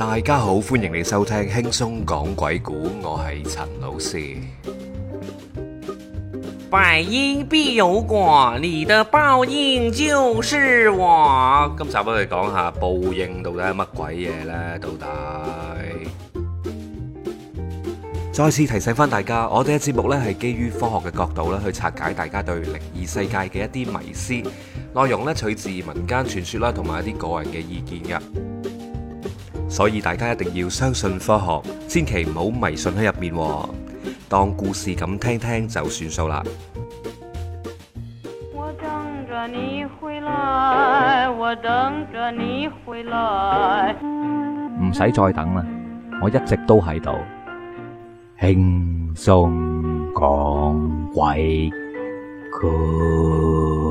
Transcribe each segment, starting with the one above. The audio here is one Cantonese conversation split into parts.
大家好，歡迎你收聽輕鬆講鬼故。我係陳老師。百因必有果，你的報應就是我。今集我哋講下報應到底係乜鬼嘢呢？到底？ 再次提醒翻，大家，我哋嘅節目呢係基於科學嘅角度呢去拆解大家對靈異世界嘅一啲迷思，內容呢取自民間傳說啦，同埋一啲個人嘅意見嘅。所以大家一定要相信科學，千祈唔好迷信喺入面，當故事咁聽聽就算數啦。我等着你回來，我等着你回來。唔使再等啦，我一直都喺度，輕鬆講鬼故事。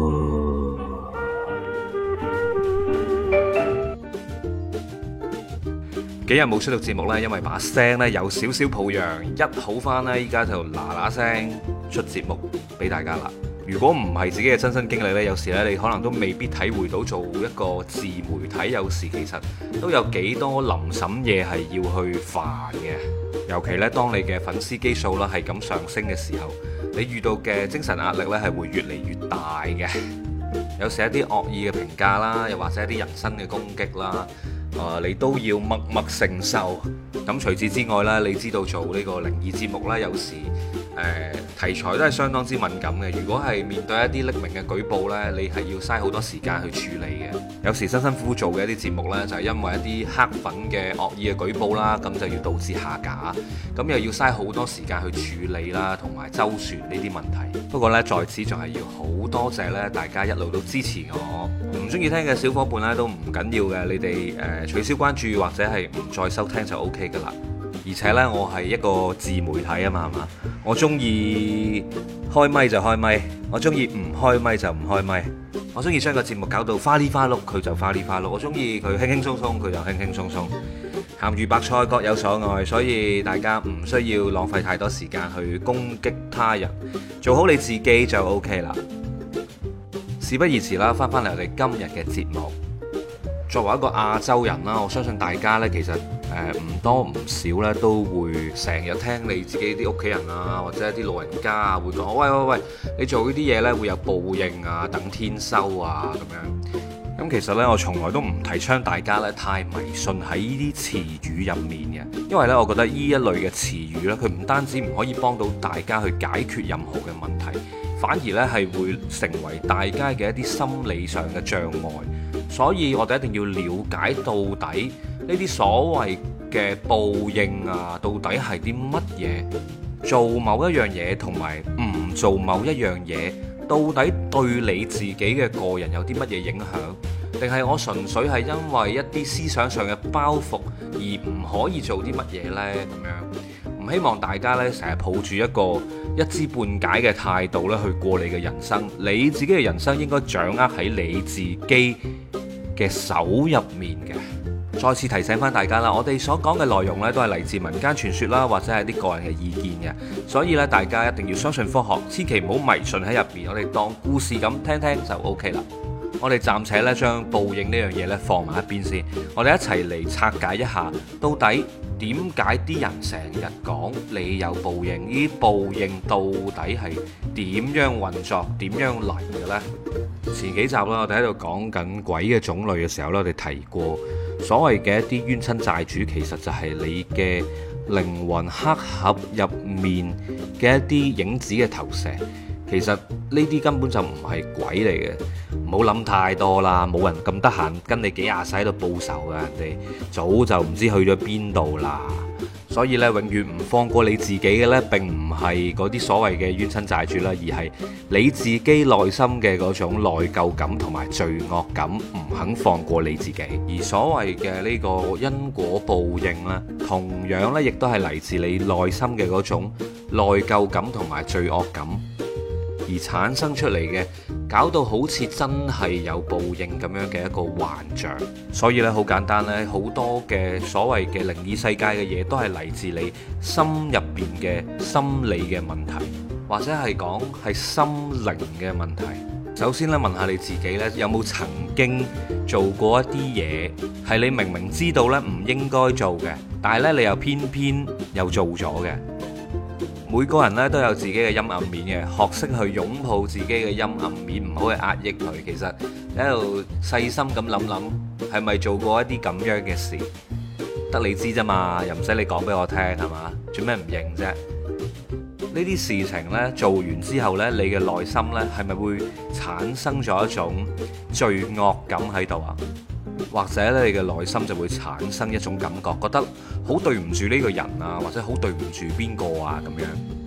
幾日冇出到節目咧，因為把聲咧有少少抱恙，一好翻咧，依家就嗱嗱聲出節目俾大家啦。如果唔係自己嘅親身經歷咧，有時咧你可能都未必體會到做一個自媒體有時其實都有幾多臨審嘢，係要去煩嘅。尤其咧當你嘅粉絲基數啦係咁上升嘅時候，你遇到嘅精神壓力咧係會越嚟越大嘅。有時一啲惡意嘅評價啦，又或者一啲人身嘅攻擊啦。啊！你都要默默承受。咁除此之外咧，你知道做呢個靈異節目啦，有時。誒題材都係相當之敏感嘅，如果係面對一啲匿名嘅舉報呢，你係要嘥好多時間去處理嘅。有時辛辛苦苦做嘅一啲節目呢，就係、是、因為一啲黑粉嘅惡意嘅舉報啦，咁就要導致下架，咁又要嘥好多時間去處理啦，同埋周旋呢啲問題。不過呢，在此仲係要好多謝呢大家一路都支持我，唔鍾意聽嘅小伙伴呢，都唔緊要嘅，你哋誒、呃、取消關注或者係唔再收聽就 OK 㗎喇。而且呢，我係一個自媒體啊嘛，係嘛？我中意開咪就開咪，我中意唔開咪就唔開咪。我中意將個節目搞到花里花碌，佢就花里花碌。我中意佢輕輕鬆鬆，佢就輕輕鬆鬆。鹹魚白菜各有所愛，所以大家唔需要浪費太多時間去攻擊他人，做好你自己就 OK 啦。事不宜遲啦，翻返嚟我哋今日嘅節目。作為一個亞洲人啦，我相信大家呢其實。誒唔多唔少咧，都會成日聽你自己啲屋企人啊，或者啲老人家啊，會講：喂喂喂，你做呢啲嘢咧，會有報應啊，等天收啊咁樣。咁其實呢，我從來都唔提倡大家咧太迷信喺呢啲詞語入面嘅，因為呢，我覺得呢一類嘅詞語呢，佢唔單止唔可以幫到大家去解決任何嘅問題，反而呢係會成為大家嘅一啲心理上嘅障礙。所以我哋一定要了解到底。呢啲所謂嘅報應啊，到底係啲乜嘢？做某一樣嘢同埋唔做某一樣嘢，到底對你自己嘅個人有啲乜嘢影響？定係我純粹係因為一啲思想上嘅包袱而唔可以做啲乜嘢呢？咁樣唔希望大家呢，成日抱住一個一知半解嘅態度咧去過你嘅人生。你自己嘅人生應該掌握喺你自己嘅手入面。再次提醒翻大家啦，我哋所講嘅內容咧都係嚟自民間傳說啦，或者係啲個人嘅意見嘅，所以咧大家一定要相信科學，千祈唔好迷信喺入邊，我哋當故事咁聽聽就 OK 啦。我哋暫且咧將報應呢樣嘢咧放埋一邊先，我哋一齊嚟拆解一下，到底點解啲人成日講你有報應？呢報應到底係點樣運作、點樣嚟嘅呢？前幾集啦，我哋喺度講緊鬼嘅種類嘅時候咧，我哋提過所謂嘅一啲冤親債主，其實就係你嘅靈魂黑盒入面嘅一啲影子嘅投射。其實呢啲根本就唔係鬼嚟嘅，唔好諗太多啦。冇人咁得閒跟你幾廿世喺度報仇嘅，人哋早就唔知去咗邊度啦。所以呢，永遠唔放過你自己嘅呢，並唔係嗰啲所謂嘅冤親債主啦，而係你自己內心嘅嗰種內疚感同埋罪惡感，唔肯放過你自己。而所謂嘅呢個因果報應呢，同樣呢，亦都係嚟自你內心嘅嗰種內疚感同埋罪惡感。而產生出嚟嘅，搞到好似真係有報應咁樣嘅一個幻象。所以咧，好簡單咧，好多嘅所謂嘅靈異世界嘅嘢，都係嚟自你心入邊嘅心理嘅問題，或者係講係心靈嘅問題。首先呢，問下你自己呢，有冇曾經做過一啲嘢，係你明明知道呢唔應該做嘅，但係呢，你又偏偏又做咗嘅？每個人咧都有自己嘅陰暗面嘅，學識去擁抱自己嘅陰暗面，唔好去壓抑佢。其實你喺度細心咁諗諗，係咪做過一啲咁樣嘅事？得你知咋嘛，又唔使你講俾我聽係嘛？做咩唔認啫？呢啲事情咧做完之後咧，你嘅內心咧係咪會產生咗一種罪惡感喺度啊？或者咧，你嘅內心就會產生一種感覺，覺得好對唔住呢個人啊，或者好對唔住邊個啊咁樣，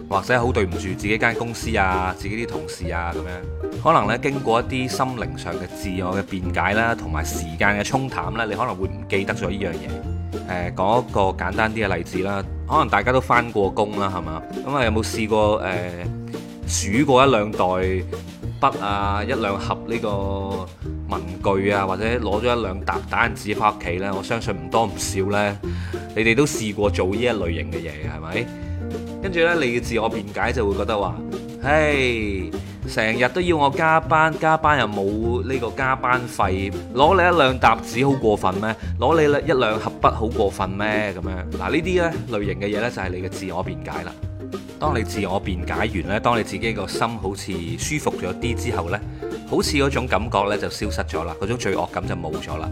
或者好對唔住自己間公司啊、自己啲同事啊咁樣。可能咧經過一啲心靈上嘅自我嘅辯解啦，同埋時間嘅沖淡呢，你可能會唔記得咗呢樣嘢。誒、呃，講一個簡單啲嘅例子啦，可能大家都返過工啦，係嘛？咁、嗯、啊有冇試過誒，儲、呃、過一兩袋筆啊，一兩盒呢、這個？文具啊，或者攞咗一兩沓打印紙翻屋企咧，我相信唔多唔少呢。你哋都試過做呢一類型嘅嘢，係咪？跟住呢，你嘅自我辯解就會覺得話：唉，成日都要我加班，加班又冇呢個加班費，攞你一兩沓紙好過分咩？攞你一兩盒筆好過分咩？咁樣嗱，呢啲呢類型嘅嘢呢，就係你嘅自我辯解啦。當你自我辯解完咧，當你自己個心好似舒服咗啲之後呢，好似嗰種感覺呢就消失咗啦，嗰種罪惡感就冇咗啦。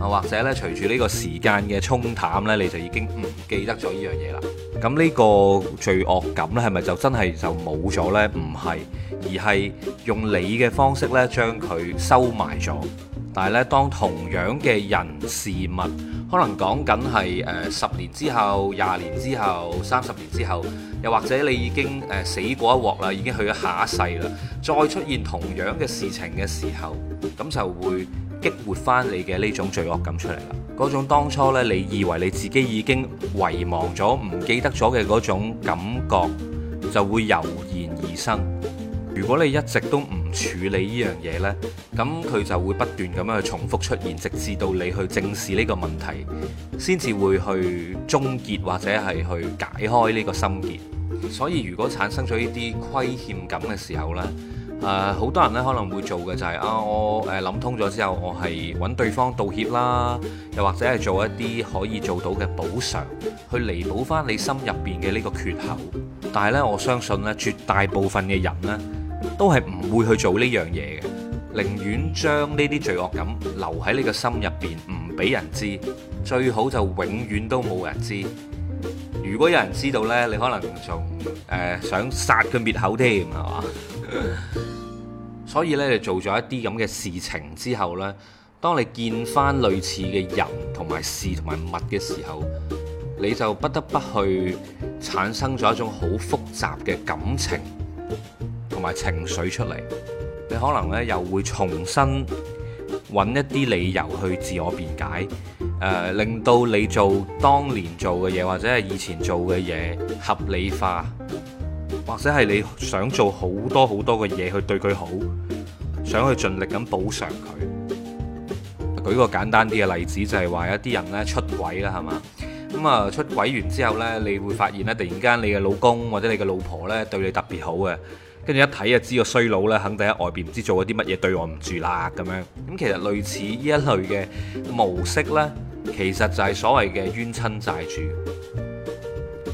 啊，或者呢，隨住呢個時間嘅沖淡呢，你就已經唔記得咗呢樣嘢啦。咁呢個罪惡感呢，係咪就真係就冇咗呢？唔係，而係用你嘅方式呢將佢收埋咗。但係呢，當同樣嘅人事物，可能講緊係誒十年之後、廿年之後、三十年之後，又或者你已經誒、呃、死過一鑊啦，已經去咗下一世啦，再出現同樣嘅事情嘅時候，咁就會激活翻你嘅呢種罪惡感出嚟啦。嗰種當初呢，你以為你自己已經遺忘咗、唔記得咗嘅嗰種感覺，就會油然而生。如果你一直都唔處理呢樣嘢呢，咁佢就會不斷咁樣去重複出現，直至到你去正視呢個問題，先至會去終結或者係去解開呢個心結。所以如果產生咗呢啲虧欠感嘅時候呢，誒、呃、好多人呢可能會做嘅就係、是、啊，我誒諗通咗之後，我係揾對方道歉啦，又或者係做一啲可以做到嘅補償，去彌補翻你心入邊嘅呢個缺口。但係呢，我相信呢絕大部分嘅人呢，都係唔會去做呢樣嘢嘅，寧願將呢啲罪惡感留喺你個心入邊，唔俾人知，最好就永遠都冇人知。如果有人知道呢，你可能仲誒、呃、想殺佢滅口添，係嘛？ 所以呢，你做咗一啲咁嘅事情之後呢，當你見翻類似嘅人同埋事同埋物嘅時候，你就不得不去產生咗一種好複雜嘅感情。同埋情緒出嚟，你可能咧又會重新揾一啲理由去自我辯解，誒、呃、令到你做當年做嘅嘢，或者係以前做嘅嘢合理化，或者係你想做好多好多嘅嘢去對佢好，想去盡力咁補償佢。舉個簡單啲嘅例子，就係、是、話一啲人咧出軌啦，係嘛？咁啊出軌完之後呢，你會發現咧，突然間你嘅老公或者你嘅老婆咧對你特別好嘅。跟住一睇就知個衰佬呢肯定喺外邊唔知做咗啲乜嘢對我唔住啦咁樣。咁其實類似呢一類嘅模式呢，其實就係所謂嘅冤親債主。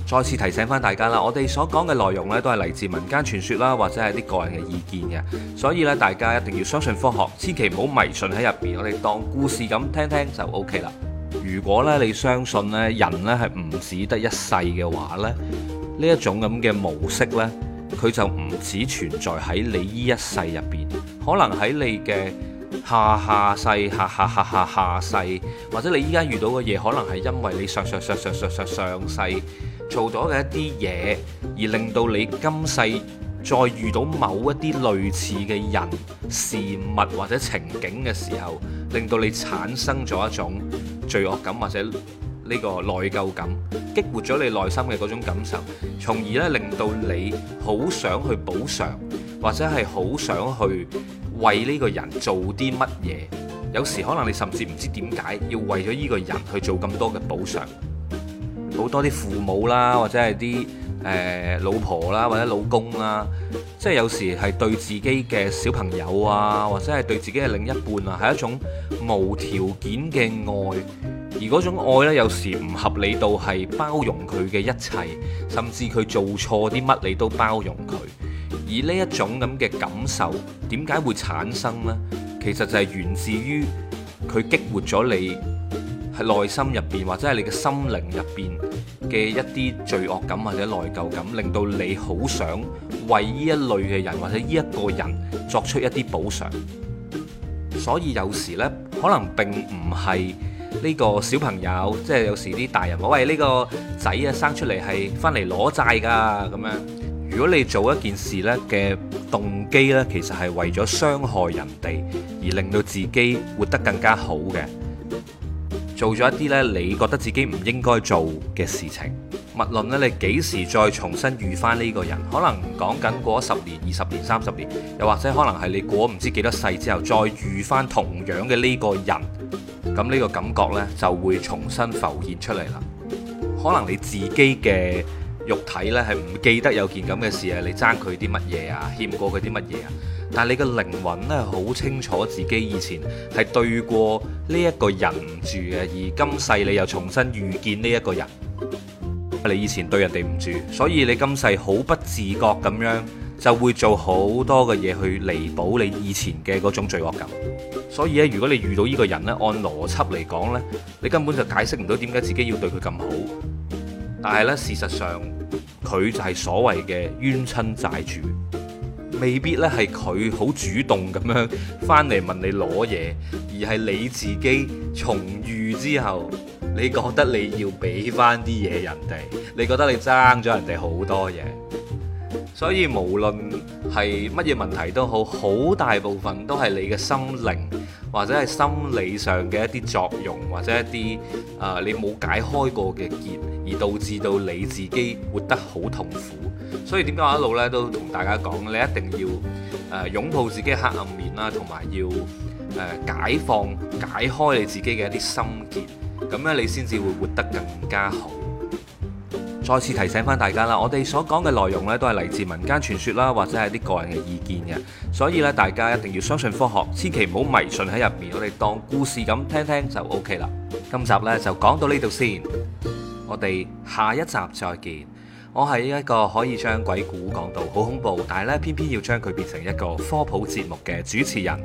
再次提醒返大家啦，我哋所講嘅內容呢，都係嚟自民間傳說啦，或者係啲個人嘅意見嘅。所以呢，大家一定要相信科學，千祈唔好迷信喺入邊。我哋當故事咁聽聽就 OK 啦。如果咧你相信呢人呢係唔止得一世嘅話呢，呢一種咁嘅模式呢。佢就唔止存在喺你呢一世入邊，可能喺你嘅下下世、下下下下下世，或者你依家遇到嘅嘢，可能係因為你上上上上上上世做咗嘅一啲嘢，而令到你今世再遇到某一啲類似嘅人、事物或者情景嘅時候，令到你產生咗一種罪惡感或者。呢個內疚感激活咗你內心嘅嗰種感受，從而咧令到你好想去補償，或者係好想去為呢個人做啲乜嘢。有時可能你甚至唔知點解要為咗呢個人去做咁多嘅補償。好多啲父母啦，或者係啲誒老婆啦，或者老公啦，即係有時係對自己嘅小朋友啊，或者係對自己嘅另一半啊，係一種無條件嘅愛。而嗰種愛呢，有時唔合理到係包容佢嘅一切，甚至佢做錯啲乜你都包容佢。而呢一種咁嘅感受，點解會產生呢？其實就係源自於佢激活咗你喺內心入邊，或者係你嘅心靈入邊嘅一啲罪惡感或者內疚感，令到你好想為呢一類嘅人或者呢一個人作出一啲補償。所以有時呢，可能並唔係。呢個小朋友，即係有時啲大人話：喂，呢個仔啊，生出嚟係翻嚟攞債㗎咁樣。如果你做一件事呢嘅動機呢，其實係為咗傷害人哋而令到自己活得更加好嘅，做咗一啲呢，你覺得自己唔應該做嘅事情。無論呢，你幾時再重新遇翻呢個人，可能講緊過十年、二十年、三十年，又或者可能係你過唔知幾多世之後再遇翻同樣嘅呢個人。咁呢個感覺呢，就會重新浮現出嚟啦。可能你自己嘅肉體呢，係唔記得有件咁嘅事啊，你爭佢啲乜嘢啊，欠過佢啲乜嘢啊。但係你嘅靈魂呢，好清楚自己以前係對過呢一個人唔住嘅，而今世你又重新遇見呢一個人，你以前對人哋唔住，所以你今世好不自覺咁樣就會做好多嘅嘢去彌補你以前嘅嗰種罪惡感。所以咧，如果你遇到呢個人咧，按邏輯嚟講咧，你根本就解釋唔到點解自己要對佢咁好。但係咧，事實上佢就係所謂嘅冤親債主，未必咧係佢好主動咁樣翻嚟問你攞嘢，而係你自己重遇之後，你覺得你要俾翻啲嘢人哋，你覺得你爭咗人哋好多嘢。所以無論係乜嘢問題都好，好大部分都係你嘅心靈。或者係心理上嘅一啲作用，或者一啲誒、呃、你冇解開過嘅結，而導致到你自己活得好痛苦。所以點解我一路咧都同大家講，你一定要誒、呃、擁抱自己嘅黑暗面啦，同埋要誒、呃、解放、解開你自己嘅一啲心結，咁樣你先至會活得更加好。再次提醒翻大家啦，我哋所講嘅內容咧都係嚟自民間傳說啦，或者係啲個人嘅意見嘅，所以咧大家一定要相信科學，千祈唔好迷信喺入面。我哋當故事咁聽聽就 OK 啦。今集呢，就講到呢度先，我哋下一集再見。我係一個可以將鬼故講到好恐怖，但係咧偏偏要將佢變成一個科普節目嘅主持人。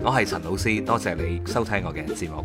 我係陳老師，多謝你收聽我嘅節目。